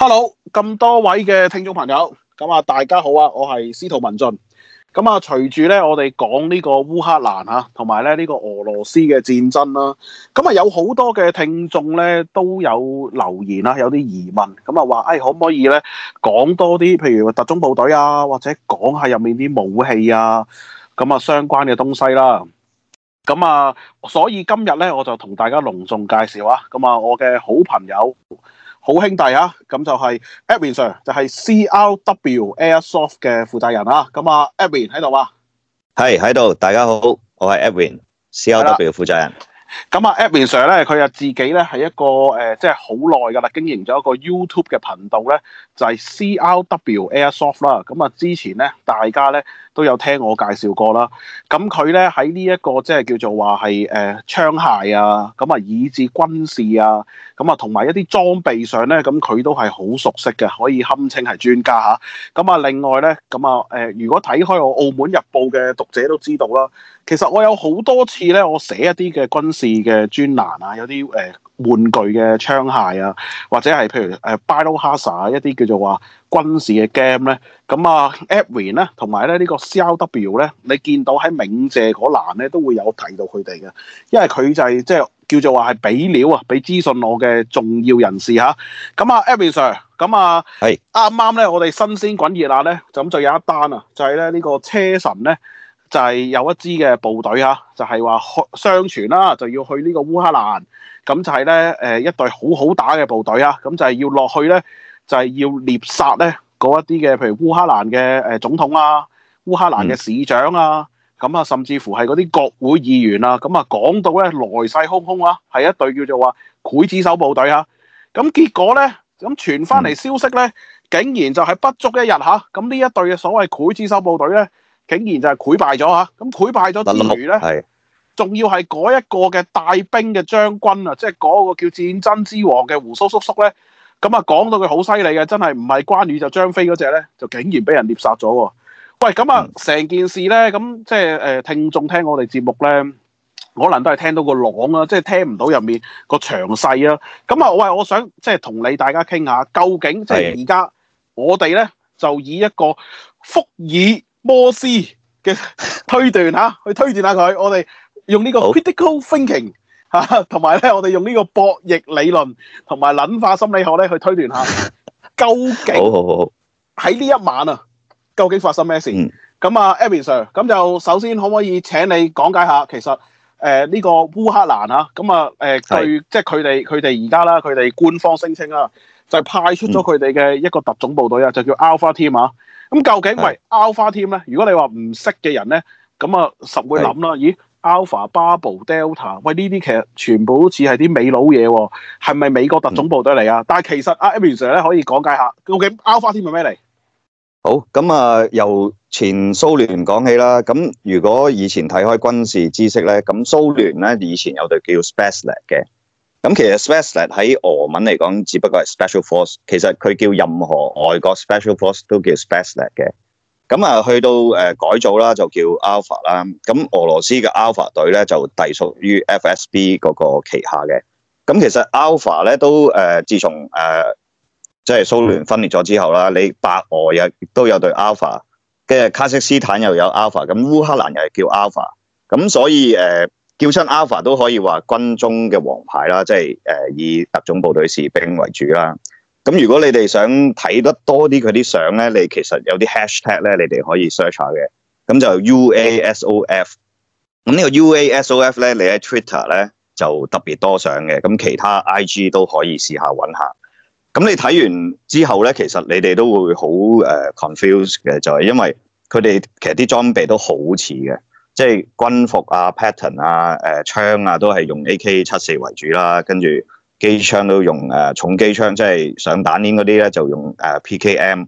hello，咁多位嘅聽眾朋友，咁啊大家好啊，我係司徒文進，咁啊隨住咧我哋講呢個烏克蘭啊，同埋咧呢個俄羅斯嘅戰爭啦，咁啊有好多嘅聽眾咧都有留言啦，有啲疑問，咁啊話誒可唔可以咧講多啲，譬如特種部隊啊，或者講下入面啲武器啊，咁啊相關嘅東西啦，咁啊所以今日咧我就同大家隆重介紹啊，咁啊我嘅好朋友。好兄弟啊，咁就係 Edwin Sir，就係 CRW Airsoft 嘅負責人啊。咁啊，Edwin 喺度啊，係喺度，大家好，我係 Edwin，CRW 負責人。咁啊，Edwin Sir 咧，佢又自己咧係一個誒、呃，即係好耐㗎啦，經營咗一個 YouTube 嘅頻道咧。就係、是、CRW Airsoft 啦，咁啊之前咧，大家咧都有聽我介紹過啦。咁佢咧喺呢一、這個即係叫做話係誒槍械啊，咁、嗯、啊以至軍事啊，咁啊同埋一啲裝備上咧，咁佢都係好熟悉嘅，可以堪稱係專家嚇。咁啊、嗯、另外咧，咁啊誒，如果睇開我《澳門日報》嘅讀者都知道啦，其實我有好多次咧，我寫一啲嘅軍事嘅專欄啊，有啲誒。呃玩具嘅槍械啊，或者係譬如誒 BattleHazard 一啲叫做話軍事嘅 game 咧，咁啊，Edwin 咧，同埋咧呢，呢、這個 CRW 咧，你見到喺鳴謝嗰欄咧都會有提到佢哋嘅，因為佢就係即係叫做話係俾料啊，俾資訊我嘅重要人士嚇。咁啊，Edwin Sir，咁啊，啱啱咧我哋新鮮滾熱辣咧，就咁就有一單啊，就係、是、咧呢、這個車臣咧就係、是、有一支嘅部隊啊，就係、是、話相傳啦、啊，就要去呢個烏克蘭。咁就係咧，誒，一隊好好打嘅部隊啊，咁就係要落去咧，就係、是、要獵殺咧嗰一啲嘅，譬如烏克蘭嘅誒總統啊，烏克蘭嘅市長啊，咁啊，甚至乎係嗰啲國會議員啊，咁啊，講到咧來勢洶洶啊，係一隊叫做話劊子手部隊啊，咁結果咧，咁傳翻嚟消息咧，嗯，竟然就係不足一日吓，咁呢一隊嘅所謂劊子手部隊咧，竟然就係潰敗咗吓，咁潰敗咗等於咧，係。仲要係嗰一個嘅大兵嘅將軍啊，即係嗰個叫戰爭之王嘅鬍鬚叔叔咧，咁啊講到佢好犀利嘅，真係唔係關羽就張飛嗰隻咧，就竟然俾人獵殺咗喎！喂，咁啊成、嗯、件事咧，咁即係誒聽眾聽我哋節目咧，可能都係聽到個囊啊，即、就、係、是、聽唔到入面個詳細啊。咁啊，我喂，我想即係同你大家傾下，究竟即係而家我哋咧就以一個福爾摩斯嘅推斷嚇去推斷下佢，我哋。用呢個 critical thinking 嚇，同埋咧，我哋用呢個博弈理論同埋諗化心理學咧，去推斷一下究竟喺呢一晚啊，究竟發生咩事？咁、嗯、啊，Edwin sir，咁就首先可唔可以請你講解一下，其實誒呢、呃呢個烏克蘭啊，咁啊誒對，即係佢哋佢哋而家啦，佢哋官方聲稱啊，就係派出咗佢哋嘅一個特種部隊啊、嗯，就叫 Alpha Team 啊。咁究竟係 Alpha Team 咧？如果你話唔識嘅人咧，咁啊實會諗啦，咦？Alpha、b 巴布、Delta，喂呢啲其實全部好似係啲美佬嘢喎，係咪美國特種部隊嚟啊？嗯、但係其實阿 Edwin 咧可以講解下，究竟 Alpha team 係咩嚟？好咁啊、嗯，由前蘇聯講起啦。咁如果以前睇開軍事知識咧，咁蘇聯咧以前有隊叫 Spetsnaz 嘅。咁其實 Spetsnaz 喺俄文嚟講，只不過係 Special Force。其實佢叫任何外國 Special Force 都叫 Spetsnaz 嘅。咁啊，去到誒改造啦，就叫 Alpha 啦。咁俄羅斯嘅 Alpha 隊咧就隸屬於 FSB 嗰個旗下嘅。咁其實 Alpha 咧都誒、呃，自從誒即係蘇聯分裂咗之後啦，你白俄有都有隊 Alpha，跟住卡西斯坦又有 Alpha，咁烏克蘭又係叫 Alpha。咁所以誒、呃，叫親 Alpha 都可以話軍中嘅王牌啦，即係以特種部隊士兵為主啦。咁如果你哋想睇得多啲佢啲相咧，你其實有啲 hashtag 咧，你哋可以 search 下嘅。咁就 UASOF。咁呢個 UASOF 咧，你喺 Twitter 咧就特別多相嘅。咁其他 IG 都可以試下揾下。咁你睇完之後咧，其實你哋都會好誒 confused 嘅，就係因為佢哋其實啲裝備都好似嘅，即係軍服啊、pattern 啊、誒、呃、槍啊，都係用 AK 七四為主啦，跟住。機槍都用誒，重機槍即係上彈鏈嗰啲咧就用誒 P.K.M.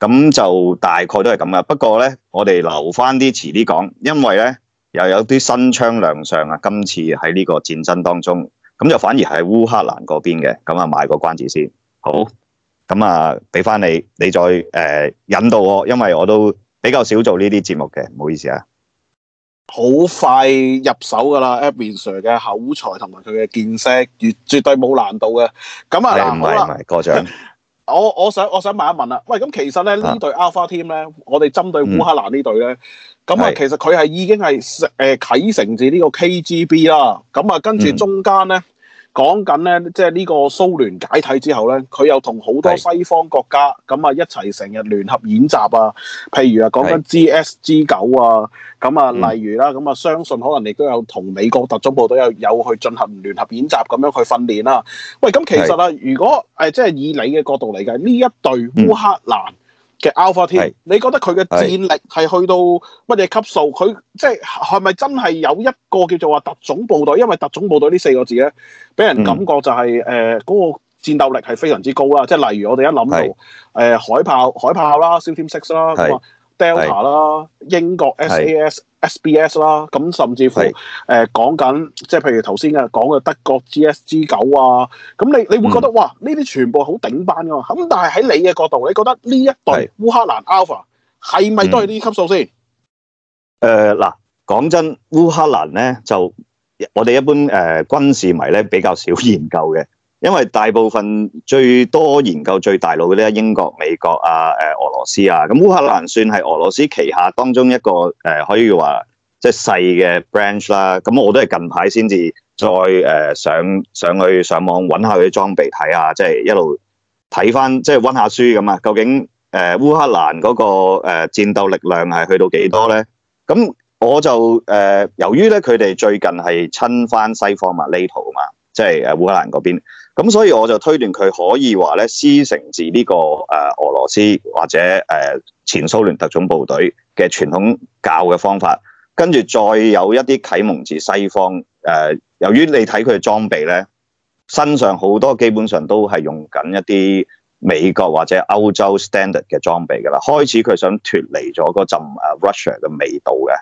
咁就大概都係咁噶。不過咧，我哋留翻啲遲啲講，因為咧又有啲新槍亮相啊。今次喺呢個戰爭當中，咁就反而係烏克蘭嗰邊嘅。咁啊，賣個關子先。好，咁啊，俾翻你，你再誒、呃、引導我，因為我都比較少做呢啲節目嘅，唔好意思啊。好快入手噶啦 Edwin Sir 嘅口才同埋佢嘅見識，越絕對冇難度嘅。咁啊，嗱，唔唔係，過獎。我我想我想問一問啊，喂，咁其實咧呢隊 Alpha Team 咧，我哋針對烏克蘭呢隊咧，咁、嗯、啊，其實佢係已經係誒啟承至呢個 KGB 啦。咁啊，跟住中間咧。講緊咧，即係呢個蘇聯解體之後咧，佢又同好多西方國家咁啊一齊成日聯合演習啊。譬如啊，講緊 GSG9 啊，咁啊，例如啦，咁啊，相信可能亦都有同美國特種部隊有有去進行聯合演習咁樣去訓練啦。喂，咁其實啊，如果誒即係以你嘅角度嚟嘅呢一隊烏克蘭嘅 Alpha team，你覺得佢嘅戰力係去到乜嘢級數？佢即係係咪真係有一個叫做話特種部隊？因為特種部隊呢四個字咧，俾人感覺就係誒嗰個戰鬥力係非常之高啦。即係例如我哋一諗到誒、呃、海豹海豹啦 SEAL Team Six 啦，Delta 啦，英國 SAS，SBS 啦，咁甚至乎誒講緊，即係、呃、譬如頭先嘅講嘅德國 GSG 九啊，咁你你會覺得、嗯、哇，呢啲全部好頂班㗎嘛？咁但係喺你嘅角度，你覺得呢一代烏克蘭 Alpha 係咪都係呢級數先？誒嗱，講真，烏克蘭咧、嗯呃、就我哋一般誒、呃、軍事迷咧比較少研究嘅。因為大部分最多研究最大佬嘅啲英國、美國啊，誒、呃、俄羅斯啊，咁烏克蘭算係俄羅斯旗下當中一個誒、呃，可以話即係細嘅 branch 啦。咁我都係近排先至再誒、呃、上上去上網揾下佢啲裝備睇下，即、就、係、是、一路睇翻即係温下書咁啊。究竟誒、呃、烏、呃、克蘭嗰、那個誒、呃、戰鬥力量係去到幾多咧？咁我就誒、呃、由於咧佢哋最近係親翻西方嘛，呢頭啊嘛，即係誒烏克蘭嗰邊，咁所以我就推斷佢可以話咧，師承自呢、這個誒、呃、俄羅斯或者誒、呃、前蘇聯特種部隊嘅傳統教嘅方法，跟住再有一啲啟蒙自西方誒、呃。由於你睇佢嘅裝備咧，身上好多基本上都係用緊一啲美國或者歐洲 standard 嘅裝備噶啦，開始佢想脫離咗嗰陣 Russia 嘅味道嘅，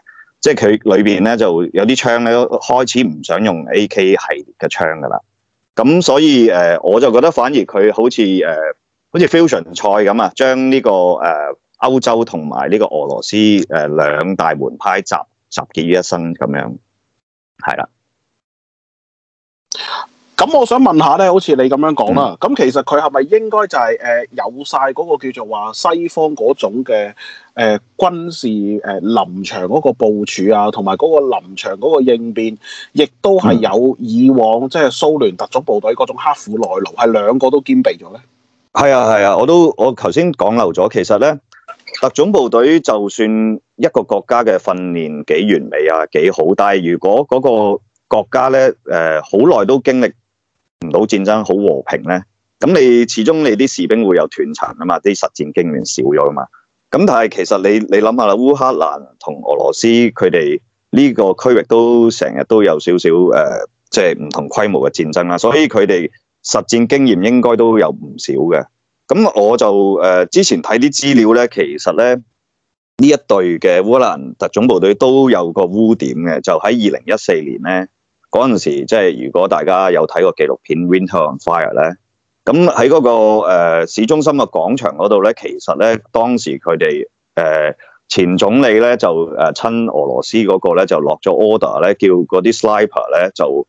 即係佢裏面咧就有啲槍咧開始唔想用 AK 系列嘅槍噶啦。咁所以誒、呃，我就覺得反而佢好似誒、呃，好似 fusion 菜咁啊，將呢、這個誒歐、呃、洲同埋呢個俄羅斯誒兩、呃、大門派集集結於一身咁樣，係啦。咁我想問下咧，好似你咁樣講啦，咁、嗯、其實佢係咪應該就係、是呃、有晒嗰個叫做話西方嗰種嘅、呃、軍事誒、呃、臨場嗰個部署啊，同埋嗰個臨場嗰個應變，亦都係有以往即係、嗯就是、蘇聯特種部隊嗰種刻苦耐勞，係兩個都兼備咗咧？係啊係啊，我都我頭先講漏咗，其實咧特種部隊就算一個國家嘅訓練幾完美啊幾好，但係如果嗰個國家咧誒好耐都經歷唔到戰爭好和平呢？咁你始終你啲士兵會有斷層啊嘛，啲實戰經驗少咗啊嘛。咁但係其實你你諗下啦，烏克蘭同俄羅斯佢哋呢個區域都成日都有少少誒，即係唔同規模嘅戰爭啦，所以佢哋實戰經驗應該都有唔少嘅。咁我就誒、呃、之前睇啲資料呢，其實呢呢一隊嘅烏克蘭特種部隊都有個污點嘅，就喺二零一四年呢。嗰陣時，即係如果大家有睇過紀錄片《Winter on Fire》咧，咁喺嗰個、呃、市中心嘅廣場嗰度咧，其實咧當時佢哋誒前總理咧就誒、呃、親俄羅斯嗰個咧就落咗 order 咧，叫嗰啲 slipper 咧就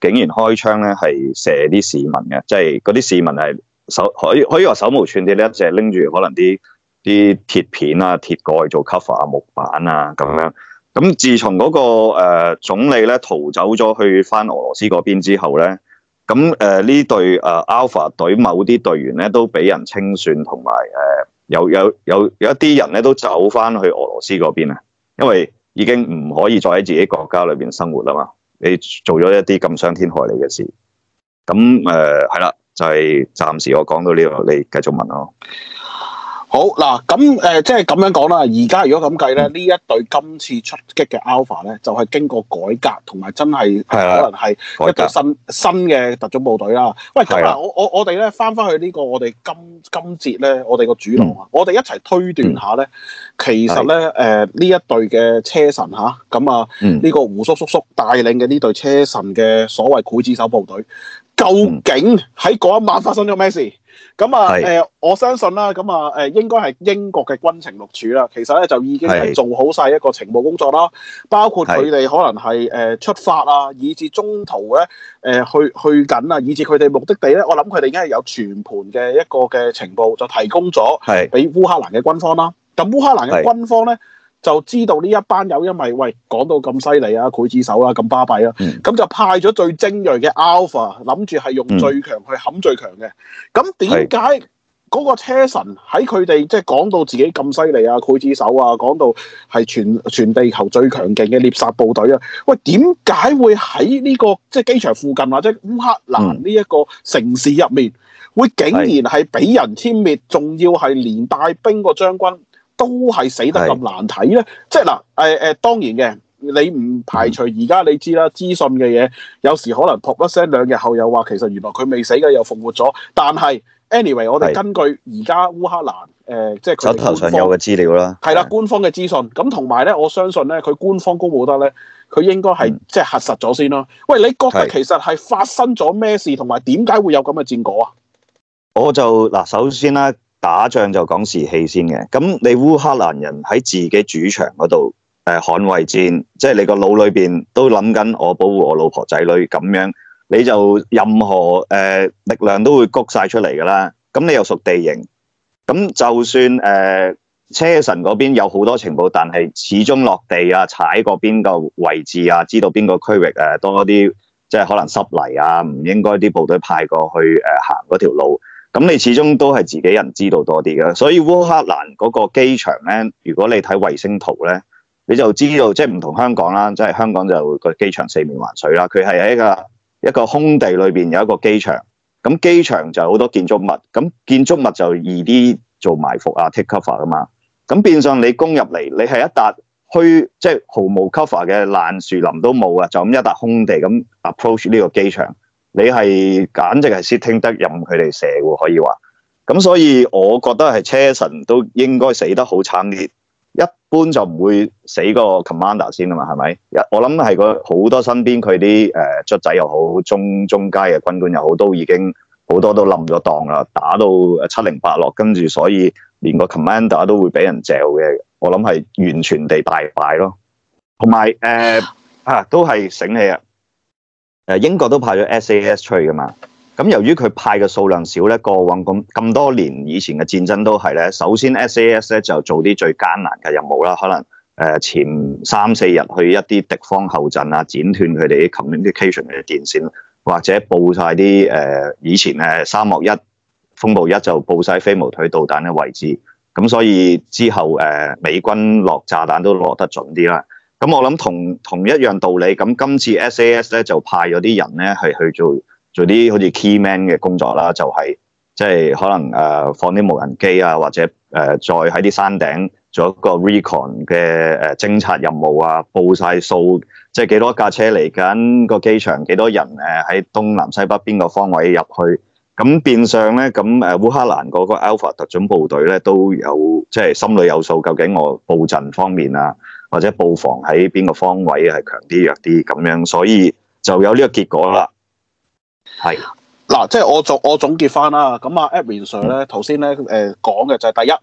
竟然開槍咧係射啲市民嘅，即係嗰啲市民係手可以可以話手無寸鐵咧，就拎住可能啲啲鐵片啊、鐵蓋做 cover 啊、木板啊咁樣。咁自從嗰個誒總理咧逃走咗去翻俄羅斯嗰邊之後咧，咁誒呢隊誒 Alpha 隊某啲隊員咧都俾人清算同埋誒有有有有，有一啲人咧都走翻去俄羅斯嗰邊啊，因為已經唔可以再喺自己國家裏面生活啦嘛，你做咗一啲咁傷天害理嘅事，咁誒係啦，就係暫時我講到呢度，你繼續問啦。好嗱，咁誒、呃，即係咁樣講啦。而家如果咁計咧，呢一隊今次出擊嘅 Alpha 咧，就係、是、經過改革同埋真係可能係一隊新新嘅特種部隊啦。喂，咁啊，我我我哋咧翻翻去呢個我哋今今節咧，我哋個主龍啊，我哋、這個嗯、一齊推斷下咧、嗯，其實咧誒呢、呃、一隊嘅車臣嚇，咁啊呢、啊嗯這個胡叔叔叔帶領嘅呢隊車臣嘅所謂劊子手部隊，究竟喺嗰一晚發生咗咩事？咁啊，誒、呃，我相信啦，咁啊，誒、啊，應該係英國嘅軍情六處啦，其實咧就已經係做好晒一個情報工作啦，包括佢哋可能係誒、呃、出發啊，以至中途咧誒、呃、去去緊啊，以至佢哋目的地咧，我諗佢哋已經係有全盤嘅一個嘅情報就提供咗俾烏克蘭嘅軍方啦。咁烏克蘭嘅軍方咧，就知道呢一班友，因為喂，講到咁犀利啊，劊子手啊，咁巴閉啊，咁、嗯、就派咗最精銳嘅 Alpha，諗住係用最強去冚最強嘅。咁點解嗰個車臣喺佢哋即係講到自己咁犀利啊，劊子手啊，講到係全全地球最強勁嘅獵殺部隊啊？喂，點解會喺呢、這個即係機場附近或者烏克蘭呢一個城市入面、嗯，會竟然係俾人殲滅，仲、嗯、要係連帶兵個將軍。都係死得咁難睇咧，即係嗱，誒、呃、誒，當然嘅，你唔排除而家你知啦，資訊嘅嘢有時可能撲一聲，兩日後又話其實原來佢未死嘅，又復活咗。但係 anyway，我哋根據而家烏克蘭誒、呃，即係手頭上有嘅資料啦，係啦，官方嘅資訊。咁同埋咧，我相信咧，佢官方公布得咧，佢應該係、嗯、即係核實咗先咯、啊。喂，你覺得其實係發生咗咩事，同埋點解會有咁嘅戰果啊？我就嗱，首先咧。打仗就講士氣先嘅，咁你烏克蘭人喺自己主場嗰度誒捍衛戰，即、就、係、是、你個腦裏面都諗緊我保護我老婆仔女咁樣，你就任何、呃、力量都會谷晒出嚟噶啦。咁你又屬地形，咁就算誒、呃、車神臣嗰邊有好多情報，但係始終落地啊，踩過邊個位置啊，知道邊個區域誒、啊、多啲，即係可能濕泥啊，唔應該啲部隊派過去、啊、行嗰條路。咁你始終都係自己人知道多啲嘅，所以烏克蘭嗰個機場咧，如果你睇衛星圖咧，你就知道即係唔同香港啦，即係香港就個機場四面環水啦，佢係一個一個空地裏面有一個機場，咁機場就好多建築物，咁建築物就易啲做埋伏啊 take cover 啊嘛，咁變相你攻入嚟，你係一笪虛，即係毫無 cover 嘅爛樹林都冇啊，就咁一笪空地咁 approach 呢個機場。你係簡直係 setting 得任佢哋射喎，可以話。咁所以我覺得係車臣都應該死得好慘烈，一般就唔會死個 commander 先啊嘛，係咪？我諗係個好多身邊佢啲誒卒仔又好，中中階嘅軍官又好，都已經好多都冧咗檔啦，打到七零八落，跟住所以連個 commander 都會俾人嚼嘅。我諗係完全地大敗咯。同埋誒啊，都係醒起啊！誒英國都派咗 SAS 出去噶嘛，咁由於佢派嘅數量少咧，過往咁咁多年以前嘅戰爭都係咧，首先 SAS 咧就做啲最艱難嘅任務啦，可能誒前三四日去一啲敵方後陣啊，剪斷佢哋啲 communication 嘅電線，或者佈晒啲誒以前沙漠一風暴一就佈晒飛毛腿導彈嘅位置，咁所以之後誒美軍落炸彈都落得準啲啦。咁我諗同同一樣道理，咁今次 SAS 咧就派咗啲人咧係去做做啲好似 key man 嘅工作啦，就係即係可能誒、呃、放啲無人機啊，或者誒、呃、再喺啲山頂做一個 recon 嘅誒偵察任務啊，報晒數，即係幾多架車嚟緊個機場少，啊，幾多人誒喺東南西北邊個方位入去。咁變相咧，咁誒烏克蘭嗰個 Alpha 特種部隊咧都有即係、就是、心裏有數，究竟我佈陣方面啊。或者布防喺邊個方位係強啲弱啲咁樣，所以就有呢個結果啦。係、嗯、嗱，即係我總我總結翻啦。咁啊，Edwin Sir 咧，頭先咧誒講嘅就係第一。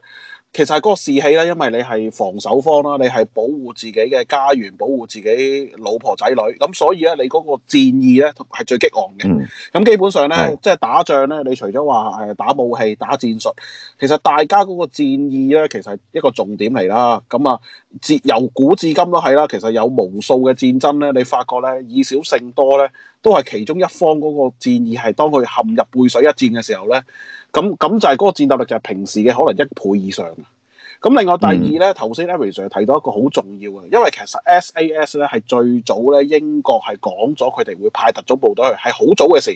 其實個嗰個士氣呢，因為你係防守方啦，你係保護自己嘅家園，保護自己老婆仔女，咁所以咧，你嗰個戰意咧係最激昂嘅。咁、嗯、基本上咧，即係打仗咧，你除咗話誒打武器、打戰術，其實大家嗰個戰意咧，其實係一個重點嚟啦。咁、嗯、啊，自由古至今都係啦。其實有無數嘅戰爭咧，你發覺咧以少勝多咧，都係其中一方嗰個戰意係當佢陷入背水一戰嘅時候咧。咁咁就係嗰個戰鬥力就係平時嘅可能一倍以上。咁另外第二咧，頭先 Edwin 就提到一個好重要嘅，因為其實 SAS 咧係最早咧英國係講咗佢哋會派特種部隊去，係好早嘅事。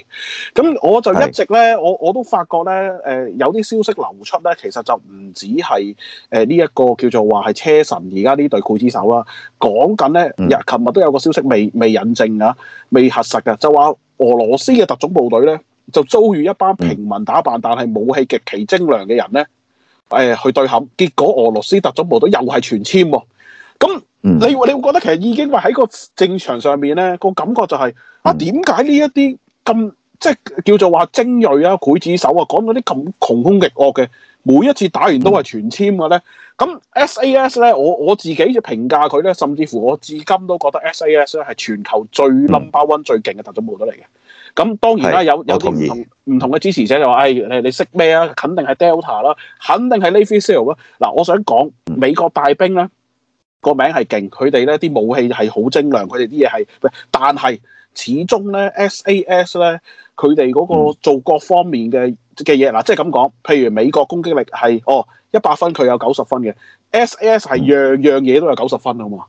咁我就一直咧，我我都發覺咧，誒、呃、有啲消息流出咧，其實就唔止係誒呢一個叫做話係車臣而家呢隊劊子手啦，講緊咧日琴日都有個消息未未引證啊未核實嘅，就話俄羅斯嘅特種部隊咧。就遭遇一班平民打扮但係武器極其精良嘅人咧，誒、哎、去對撼結果俄羅斯特種部隊又係全殲喎。咁你你會覺得其實已經話喺個戰場上面咧個感覺就係啊點解呢一啲咁即係叫做話精銳啊、劊子手啊，講到啲咁窮兇極惡嘅，每一次打完都係全殲嘅咧。咁 SAS 咧，我我自己就評價佢咧，甚至乎我至今都覺得 SAS 咧係全球最 number one 最勁嘅特種部隊嚟嘅。咁當然啦，有有啲唔同唔同嘅支持者就話，誒、哎，你你識咩啊？肯定係 Delta 啦，肯定係 Navy SEAL 咯。嗱，我想講美國大兵咧，個名係勁，佢哋咧啲武器係好精良，佢哋啲嘢係，但係始終咧 SAS 咧，佢哋嗰個做各方面嘅嘅嘢，嗱、嗯，即係咁講，譬如美國攻擊力係，哦，一百分佢有九十分嘅，SAS 係樣樣嘢都有九十分啊嘛。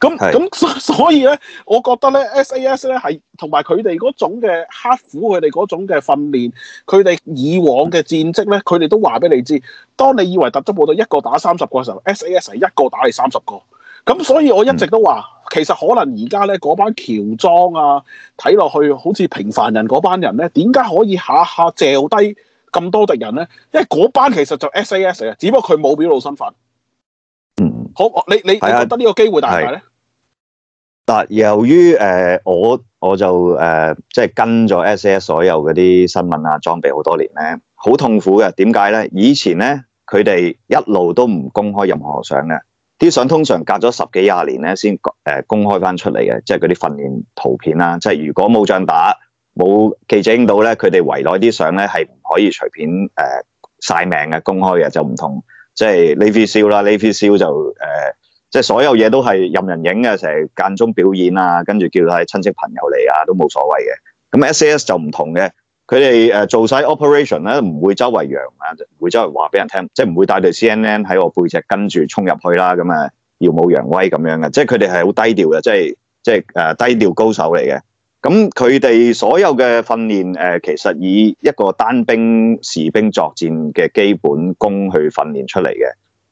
咁咁，所以咧，我覺得咧，S A S 咧係同埋佢哋嗰種嘅刻苦，佢哋嗰種嘅訓練，佢哋以往嘅戰績咧，佢哋都話俾你知。當你以為特種部隊一個打三十個嘅時候，S A S 係一個打你三十個。咁所以，我一直都話，嗯，其實可能而家咧嗰班喬裝啊，睇落去好似平凡人嗰班人咧，點解可以下下掉低咁多敵人咧？因為嗰班其實就 S A S 啊，只不過佢冇表露身份。嗯，好，你你你覺得呢個機會大唔大咧？嗱，由於誒、呃、我我就誒、呃、即係跟咗 SAS 所有嗰啲新聞啊裝備好多年咧，好痛苦嘅。點解咧？以前咧，佢哋一路都唔公開任何相嘅。啲相通常隔咗十幾廿年咧先誒公開返出嚟嘅，即係嗰啲訓練圖片啦。即係如果冇仗打，冇記者影到咧，佢哋圍內啲相咧係唔可以隨便誒、呃、曬命嘅公開嘅，就唔同即係 l e a v i 啦 l e a v i 就誒。呃即係所有嘢都係任人影嘅，成日間中表演啊，跟住叫晒親戚朋友嚟啊，都冇所謂嘅。咁 SAS 就唔同嘅，佢哋誒做晒 operation 咧，唔會周圍揚啊，唔會周圍話俾人聽，即係唔會帶隊 CNN 喺我背脊跟住衝入去啦。咁啊耀武揚威咁樣嘅，即係佢哋係好低調嘅，即係即係誒低調高手嚟嘅。咁佢哋所有嘅訓練誒，其實以一個單兵士兵作戰嘅基本功去訓練出嚟嘅。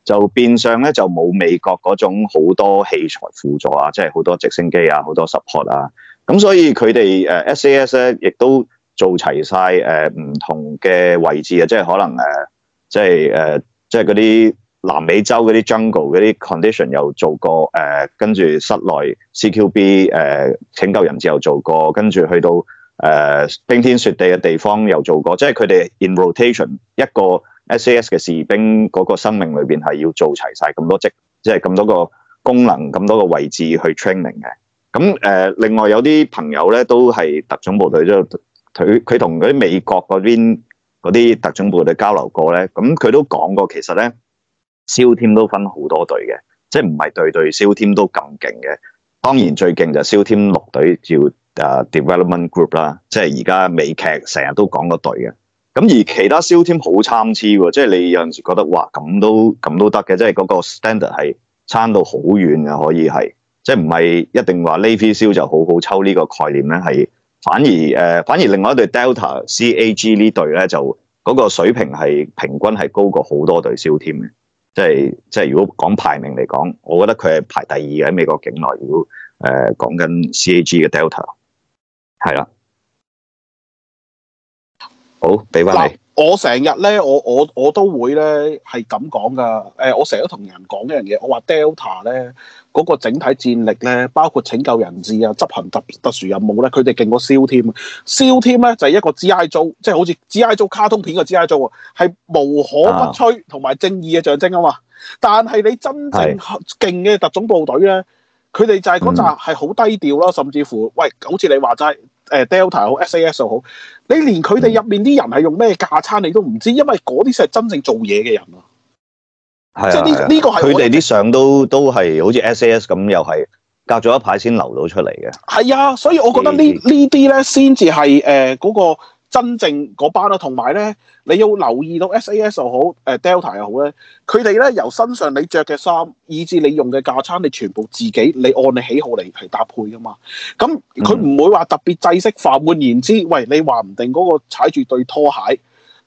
就變相咧，就冇美國嗰種好多器材輔助啊，即係好多直升機啊，好多 support 啊。咁所以佢哋誒 SAS 咧，亦都做齊晒誒唔同嘅位置啊，即係可能誒、呃，即係誒、呃，即係嗰啲南美洲嗰啲 jungle 嗰啲 condition 又做過誒，跟、呃、住室內 CQB 誒、呃、拯救人質又做過，跟住去到誒、呃、冰天雪地嘅地方又做過，即係佢哋 in rotation 一個。SAS 嘅士兵嗰個生命裏邊係要做齊晒咁多職，即係咁多個功能、咁多個位置去 training 嘅。咁誒、呃，另外有啲朋友咧都係特種部隊，即係佢佢同佢啲美國嗰邊嗰啲特種部隊交流過咧。咁佢都講過，其實咧，Seal Team 都分好多隊嘅，即係唔係隊隊 Seal Team 都咁勁嘅。當然最勁就係 Seal Team 六隊，叫誒 Development Group 啦，即係而家美劇成日都講嗰隊嘅。咁而其他消 team 好參差喎，即係你有陣時覺得哇，咁都咁都得嘅，即係嗰個 standard 係差到好遠嘅，可以係即係唔係一定話 lazy 消就好好抽呢個概念咧，係反而、呃、反而另外一隊 Delta CAG 呢隊咧，就嗰個水平係平均係高過好多隊消 team 嘅，即係即係如果講排名嚟講，我覺得佢係排第二嘅喺美國境內，如果誒講緊 CAG 嘅 Delta 係啦。好，俾翻你。我成日咧，我我我都會咧係咁講噶。誒、呃，我成日都同人講一樣嘢，我話 Delta 咧嗰、那個整體戰力咧，包括拯救人質啊、執行特特殊任務咧，佢哋勁過 SEAL Team。SEAL Team 咧就係、是、一個 GI Joe，即、就、係、是、好似 GI Joe 卡通片嘅 GI Joe，係無可不摧同埋正義嘅象徵啊嘛。但係你真正勁嘅特種部隊咧，佢哋就係嗰陣係好低調咯、嗯，甚至乎喂，好似你話齋。誒 Delta 好，SAS 又好，你連佢哋入面啲人係用咩架撐，你都唔知，因為嗰啲係真正做嘢嘅人咯。係、啊，即係呢呢個係佢哋啲相都都係好似 SAS 咁，又係隔咗一排先流到出嚟嘅。係啊，所以我覺得呢呢啲咧先至係誒嗰個。真正嗰班啦，同埋咧，你要留意到 SAS 又好，誒、呃、Delta 又好咧，佢哋咧由身上你着嘅衫，以至你用嘅架撐，你全部自己，你按你喜好嚟搭配噶嘛。咁佢唔會話特別制式化。換言之，喂，你話唔定嗰個踩住對拖鞋。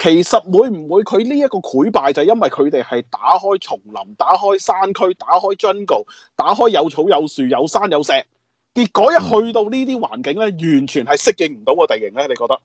其實會唔會佢呢一個潰敗就係因為佢哋係打開叢林、打開山區、打開 jungle、打開有草有樹有山有石，結果一去到呢啲環境咧，完全係適應唔到個地形咧？你覺得？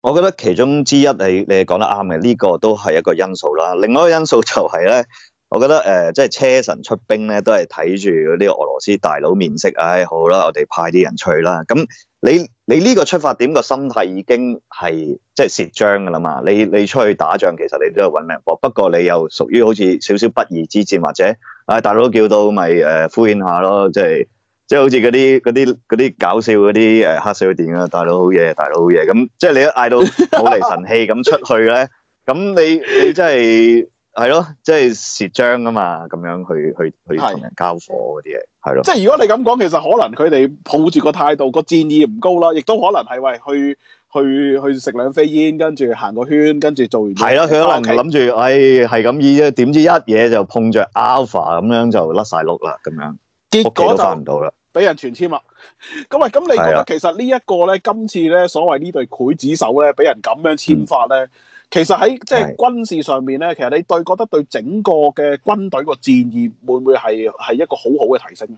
我覺得其中之一係你係講得啱嘅，呢、這個都係一個因素啦。另外一個因素就係、是、咧，我覺得誒、呃，即係車臣出兵咧，都係睇住嗰啲俄羅斯大佬面色，唉、哎，好啦，我哋派啲人出去啦，咁。你你呢個出發點個心態已經係即係蝕章㗎喇嘛！你你出去打仗其實你都係揾命搏，不過你又屬於好似少少不義之戰或者，啊、哎、大佬叫到咪誒敷衍下咯，即係即係好似嗰啲嗰啲嗰啲搞笑嗰啲、呃、黑色嘅電影大佬好嘢，大佬好嘢咁，即係、就是、你都嗌到好離神器咁出去呢？咁 你你真係～係咯，即係蝕章啊嘛，咁樣去去去同人交火嗰啲嘢，係咯。即係如果你咁講，其實可能佢哋抱住個態度個戰意唔高啦，亦都可能係喂去去去食兩飛煙，跟住行個圈，跟住做完係咯。佢可能諗住，哎，係咁意啫，點知一嘢就碰着 alpha 咁樣就甩晒碌啦，咁樣結果就唔到啦，俾人全簽啦。咁喂，咁你覺得其實這呢一個咧，今次咧所謂呢對劊子手咧，俾人咁樣簽發咧？嗯其實喺即係軍事上面咧，其實你對覺得對整個嘅軍隊個戰意會唔會係係一個很好好嘅提升咧？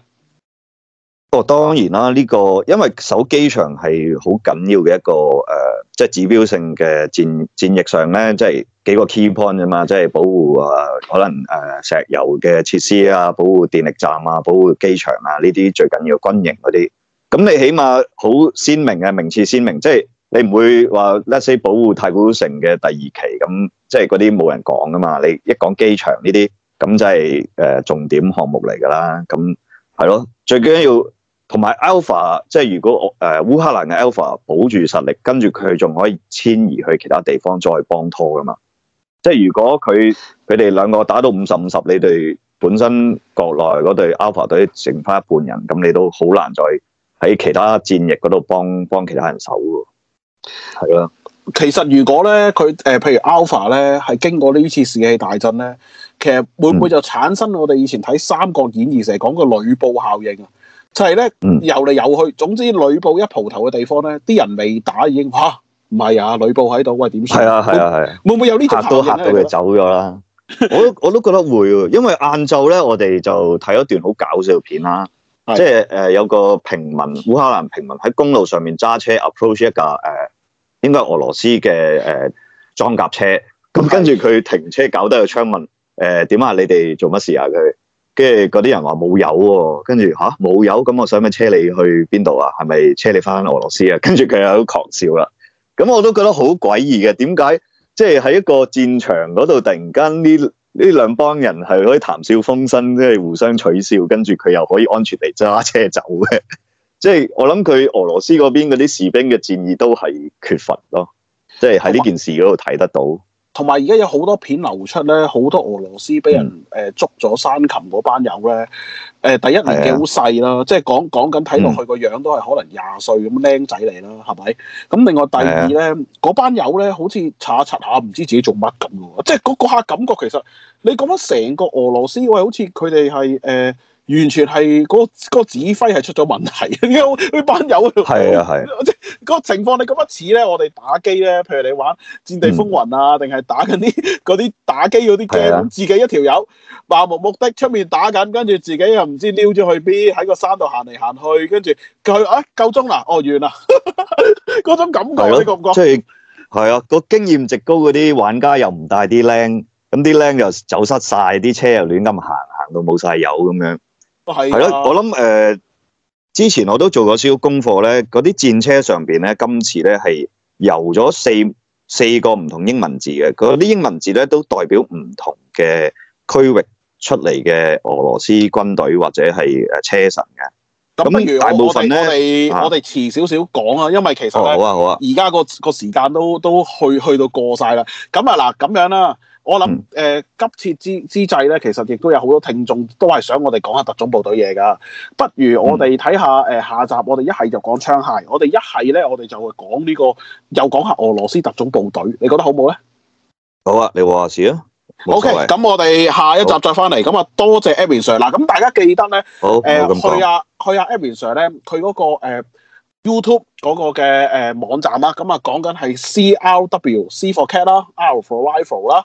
哦，當然啦，呢、這個因為守機場係好緊要嘅一個誒，即、呃、係、就是、指標性嘅戰戰役上咧，即、就、係、是、幾個 key point 啫嘛，即、就、係、是、保護啊、呃，可能誒、呃、石油嘅設施啊，保護電力站啊，保護機場啊，呢啲最緊要嘅軍營嗰啲。咁你起碼好鮮明嘅名次鮮明，即係。你唔會話 Let's say 保護太古城嘅第二期咁，即係嗰啲冇人講噶嘛。你一講機場呢啲咁就係呃重點項目嚟㗎啦。咁係咯，最緊要同埋 Alpha，即係如果誒烏克蘭嘅 Alpha 保住實力，跟住佢仲可以遷移去其他地方再幫拖㗎嘛。即係如果佢佢哋兩個打到五十五十，你哋本身國內嗰隊 Alpha 隊剩翻一半人，咁你都好難再喺其他戰役嗰度幫幫其他人守喎。係啊，其實如果咧，佢誒，譬如 Alpha 咧，係經過呢次士氣大震咧，其實會唔會就產生我哋以前睇《三國演義》成日講個呂布效應啊？就係、是、咧、嗯、遊嚟遊去，總之呂布一蒲頭嘅地方咧，啲人未打已經，哇，唔係啊，呂布喺度，喂，點算？係啊，係啊，係啊,啊，會唔會有呢套效應？吓到吓到，佢走咗啦。我都我都覺得會，因為晏晝咧，我哋就睇一段好搞笑片啦、啊，即係誒、呃、有個平民烏克蘭平民喺公路上面揸車 approach 一架誒。應該俄羅斯嘅誒裝甲車，咁跟住佢停車，搞低個窗問誒點、呃哦、啊？你哋做乜事啊？佢跟住嗰啲人話冇油喎，跟住吓，冇油，咁我想唔想車你去邊度啊？係咪車你翻俄羅斯啊？跟住佢喺度狂笑啦，咁我都覺得好詭異嘅，點解即係喺一個戰場嗰度，突然間呢呢兩幫人係可以談笑風生，即係互相取笑，跟住佢又可以安全地揸車走嘅？即係我諗佢俄羅斯嗰邊嗰啲士兵嘅戰意都係缺乏咯，即係喺呢件事嗰度睇得到。同埋而家有好多片流出咧，好多俄羅斯俾人誒、嗯呃、捉咗山琴嗰班友咧，誒、呃、第一年紀好細啦，啊、即係講講緊睇落去個樣都係可能廿歲咁靚仔嚟啦，係、嗯、咪？咁另外第二咧，嗰、啊、班友咧好似擦下擦下唔知自己做乜咁嘅，即係嗰下感覺其實你講緊成個俄羅斯喂，好似佢哋係誒。呃完全係嗰嗰指揮係出咗問題，啲 班友係啊個、啊、情況你咁一似咧，我哋打機咧，譬如你玩《戰地風雲啊、嗯啊木木走走》啊，定係打緊啲嗰啲打機嗰啲 game，自己一條友漫無目的出面打緊，跟住自己又唔知溜咗去邊，喺個山度行嚟行去，跟住佢啊夠鐘啦，哦完啦，嗰 種感覺、就是、你覺唔覺？即係係啊，個經驗值高嗰啲玩家又唔帶啲僆，咁啲僆又走失晒，啲車又亂咁行，行到冇晒油咁樣。係咯，我諗誒、呃，之前我都做過少少功課咧，嗰啲戰車上邊咧，今次咧係油咗四四個唔同英文字嘅，嗰啲英文字咧都代表唔同嘅區域出嚟嘅俄羅斯軍隊或者係誒車臣嘅。咁不如大部分呢我我哋、啊、我哋我哋遲少少講啊，因為其實好啊、哦、好啊，而家個個時間都都去去到過晒啦。咁啊嗱，咁樣啦。我諗誒、呃，急切之之際咧，其實亦都有好多聽眾都係想我哋講下特種部隊嘢噶。不如我哋睇下誒、嗯呃、下集，我哋一係就講槍械，我哋一係咧，我哋就會講呢、這個又講下俄羅斯特種部隊，你覺得好唔好咧？好啊，你話事啊。OK，咁我哋下一集再翻嚟。咁啊，多謝 Edwin Sir。嗱，咁大家記得咧，誒、呃、去啊，去啊 Edwin、啊、Sir 咧，佢嗰、那個、呃、YouTube 嗰個嘅誒、呃、網站啊。咁啊，講緊係 C R W C for cat 啦，R for rifle 啦。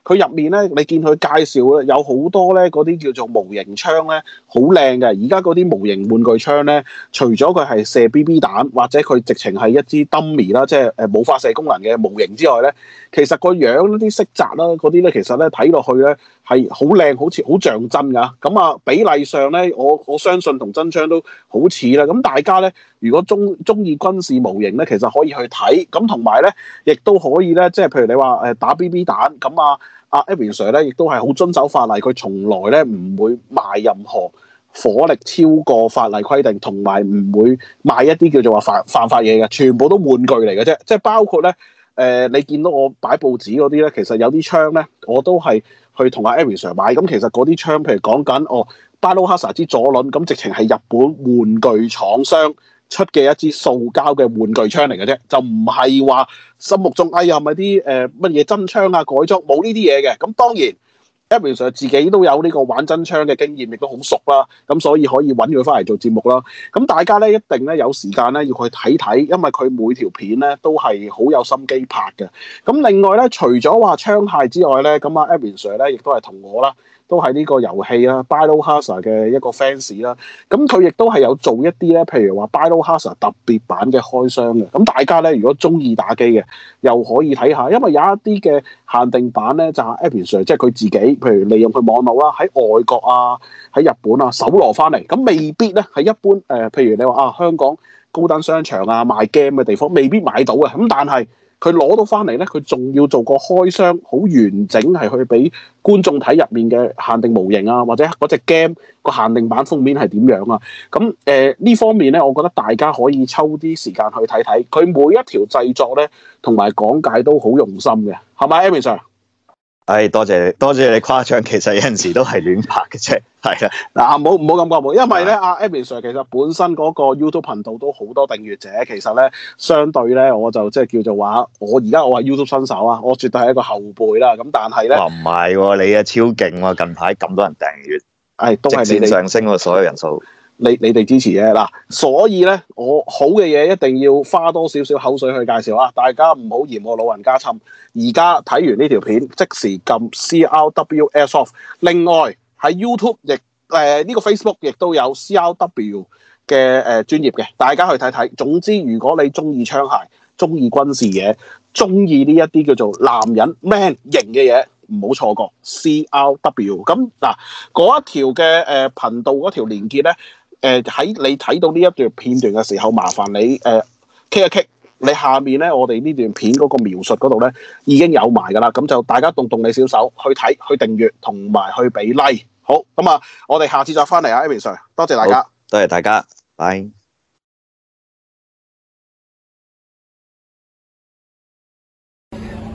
佢入面咧，你見佢介紹咧，有好多咧嗰啲叫做模型槍咧，好靚嘅。而家嗰啲模型玩具槍咧，除咗佢係射 B B 彈，或者佢直情係一支 dummy 啦，即係誒冇發射功能嘅模型之外咧，其實個樣啲色澤啦，嗰啲咧其實咧睇落去咧係好靚，好似好象真㗎。咁啊，比例上咧，我我相信同真槍都好似啦。咁大家咧，如果中中意軍事模型咧，其實可以去睇。咁同埋咧，亦都可以咧，即係譬如你話誒打 B B 彈，咁啊。阿 Avery Sir 咧，亦都係好遵守法例，佢從來咧唔會賣任何火力超過法例規定，同埋唔會賣一啲叫做話犯犯法嘢嘅，全部都玩具嚟嘅啫。即包括咧、呃，你見到我擺報紙嗰啲咧，其實有啲槍咧，我都係去同阿 Avery Sir 買。咁其實嗰啲槍，譬如講緊哦，巴洛哈薩之左輪，咁直情係日本玩具廠商，出嘅一支塑膠嘅玩具槍嚟嘅啫，就唔係話心目中，哎呀，係咪啲誒乜嘢真槍啊、改裝，冇呢啲嘢嘅。咁當然，Abel Sir 自己都有呢個玩真槍嘅經驗，亦都好熟啦。咁所以可以揾佢翻嚟做節目啦。咁大家咧一定咧有時間咧要去睇睇，因為佢每條片咧都係好有心機拍嘅。咁另外咧，除咗話槍械之外咧，咁阿 Abel Sir 咧亦都係同我啦。都係呢個遊戲啦 Biohazard 嘅一個 fans 啦，咁佢亦都係有做一啲咧，譬如話 Biohazard 特別版嘅開箱嘅，咁大家咧如果中意打機嘅，又可以睇下，因為有一啲嘅限定版咧就係 App s 即係佢自己，譬如利用佢網絡啦，喺外國啊，喺日本啊搜羅翻嚟，咁未必咧係一般誒、呃，譬如你話啊香港高登商場啊賣 game 嘅地方未必買到啊。咁但係。佢攞到翻嚟咧，佢仲要做個開箱，好完整係去俾觀眾睇入面嘅限定模型啊，或者嗰隻 game 個限定版封面係點樣啊？咁誒呢方面咧，我覺得大家可以抽啲時間去睇睇，佢每一條製作咧同埋講解都好用心嘅，係咪，Amy sir？係、哎、多謝你，多謝你誇張，其實有陣時都係亂拍嘅啫。係啊，嗱，唔好唔好咁講，因為咧，阿 Amy Sir 其實本身嗰個 YouTube 頻道都好多訂閱者，其實咧相對咧，我就即係叫做話，我而家我係 YouTube 新手啊，我絕對係一個後輩啦、啊。咁但係咧，唔、啊、係、啊、你啊，超勁喎、啊！近排咁多人訂閱，係、哎、直線上升喎、啊，所有人數。你你哋支持嘅嗱、啊，所以咧，我好嘅嘢一定要花多少少口水去介紹啊！大家唔好嫌我老人家侵。而家睇完呢條片，即時撳 C R W Airsoft。另外喺 YouTube 亦呢、呃這個 Facebook 亦都有 C R W 嘅誒專、呃、業嘅，大家去睇睇。總之，如果你中意槍械、中意軍事嘢、中意呢一啲叫做男人 man 型嘅嘢，唔好錯過 C R W。咁嗱、啊，嗰一條嘅誒頻道嗰條連結咧。誒、呃、喺你睇到呢一段片段嘅時候，麻煩你誒傾、呃、一傾。你下面呢，我哋呢段片嗰個描述嗰度呢，已經有埋㗎喇。咁就大家動動你小手去睇、去訂閱同埋去俾 like。好，咁啊，我哋下次再返嚟啊，Amy Sir，多謝大家，多謝大家，拜。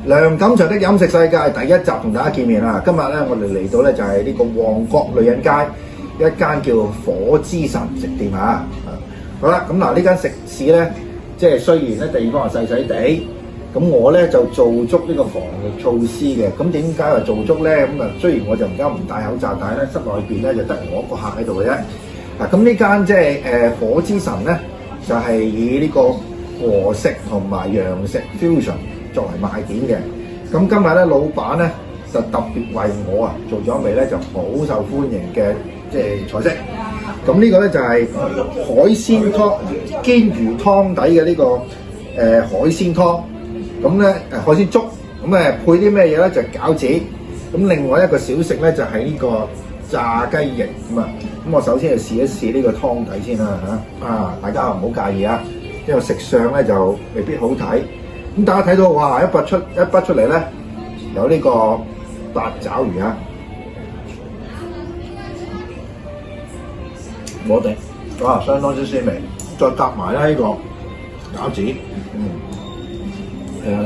梁錦祥的飲食世界第一集同大家見面啦。今日呢，我哋嚟到呢就係呢個旺角女人街，一間叫火之神食店啊。好啦，咁嗱呢間食肆咧，即係雖然咧地方係細細地，咁我咧就做足呢個防疫措施嘅。咁點解話做足咧？咁啊，雖然我就而家唔戴口罩，但係咧室內邊咧就得我一個客喺度嘅啫。嗱，咁呢間即係火之神咧，就係以呢個和食同埋洋食 fusion 作為賣點嘅。咁今日咧，老闆咧就特別為我啊做咗一味咧就好受歡迎嘅。即係菜式，咁呢個咧就係海鮮湯，鰹魚湯底嘅呢個誒海鮮湯，咁咧誒海鮮粥，咁誒配啲咩嘢咧？就係餃子，咁另外一個小食咧就係呢個炸雞翼咁啊，咁我首先就試一試呢個湯底先啦嚇，啊大家唔好介意啊，因為食相咧就未必好睇，咁大家睇到哇一筆出一筆出嚟咧，有呢個八爪魚啊！我哋哇，相當之鮮味，再夾埋咧呢個餃子，嗯，係啊，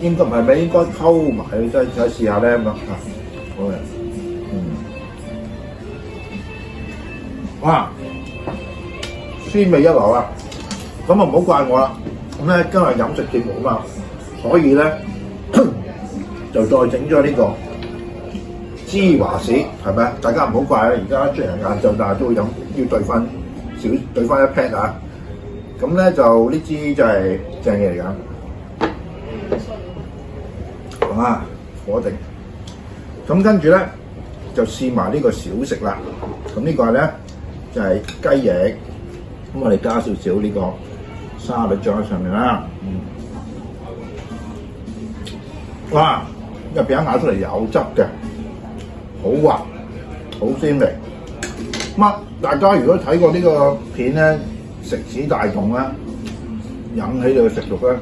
應該唔係咩，應該溝埋，再再試下咧咁啊，好啊，嗯，哇，鮮味一流啊，咁啊唔好怪我啦，咁咧今日飲食節目啊嘛，所以咧就再整咗呢個芝華士，係咪啊？大家唔好怪啊，而家出嚟晏晝，但係都會飲。要對翻少對翻一 pat 啊，咁就呢支就係正嘢嚟緊。好、啊、啦，火定。咁、啊、跟住呢，就試埋呢個小食啦。咁、啊這個、呢個咧就係、是、雞翼。咁我哋加少少呢個沙律醬喺上面啦。哇、嗯！個、啊、餅咬出嚟有汁嘅，好滑，好鮮味。乜？大家如果睇過呢個片咧，食肆大動咧，引起你嘅食慾，咧，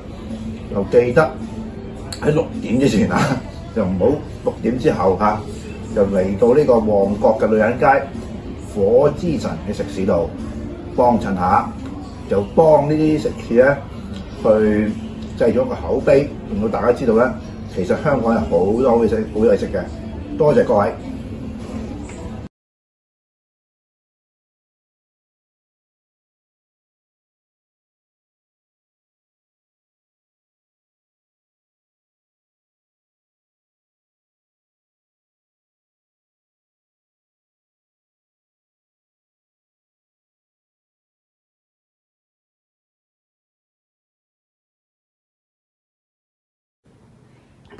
就記得喺六點之前啊，就唔好六點之後啊，就嚟到呢個旺角嘅女人街火之神嘅食肆度幫襯下，就幫呢啲食肆咧去製咗個口碑，令到大家知道咧，其實香港有好多好嘢食，好嘢食嘅，多謝各位。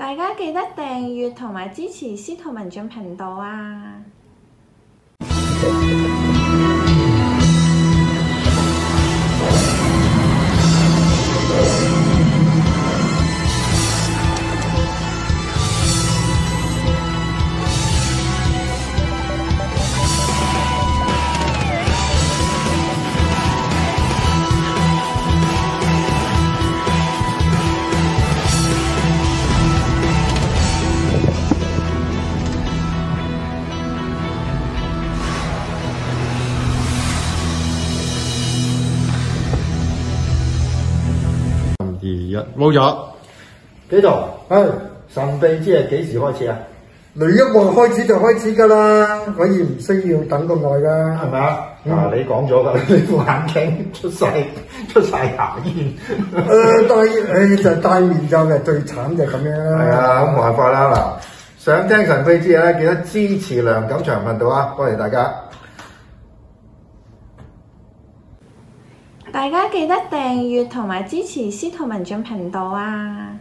大家記得訂閱同埋支持司徒文進頻道啊！冇咗，基督，神秘之夜幾時開始啊？雷一望開始就開始㗎啦，我而唔需要等咁耐㗎，係咪、嗯、啊？你講咗你副眼睛出晒出晒牙煙，誒、呃，戴、 哎、就戴、是、面罩嘅最慘就咁樣啦。係啊，冇、嗯、辦法啦嗱，想聽神秘之夜呢，記得支持梁錦祥頻道啊，多謝大家。大家記得訂閱同埋支持司徒文進頻道啊！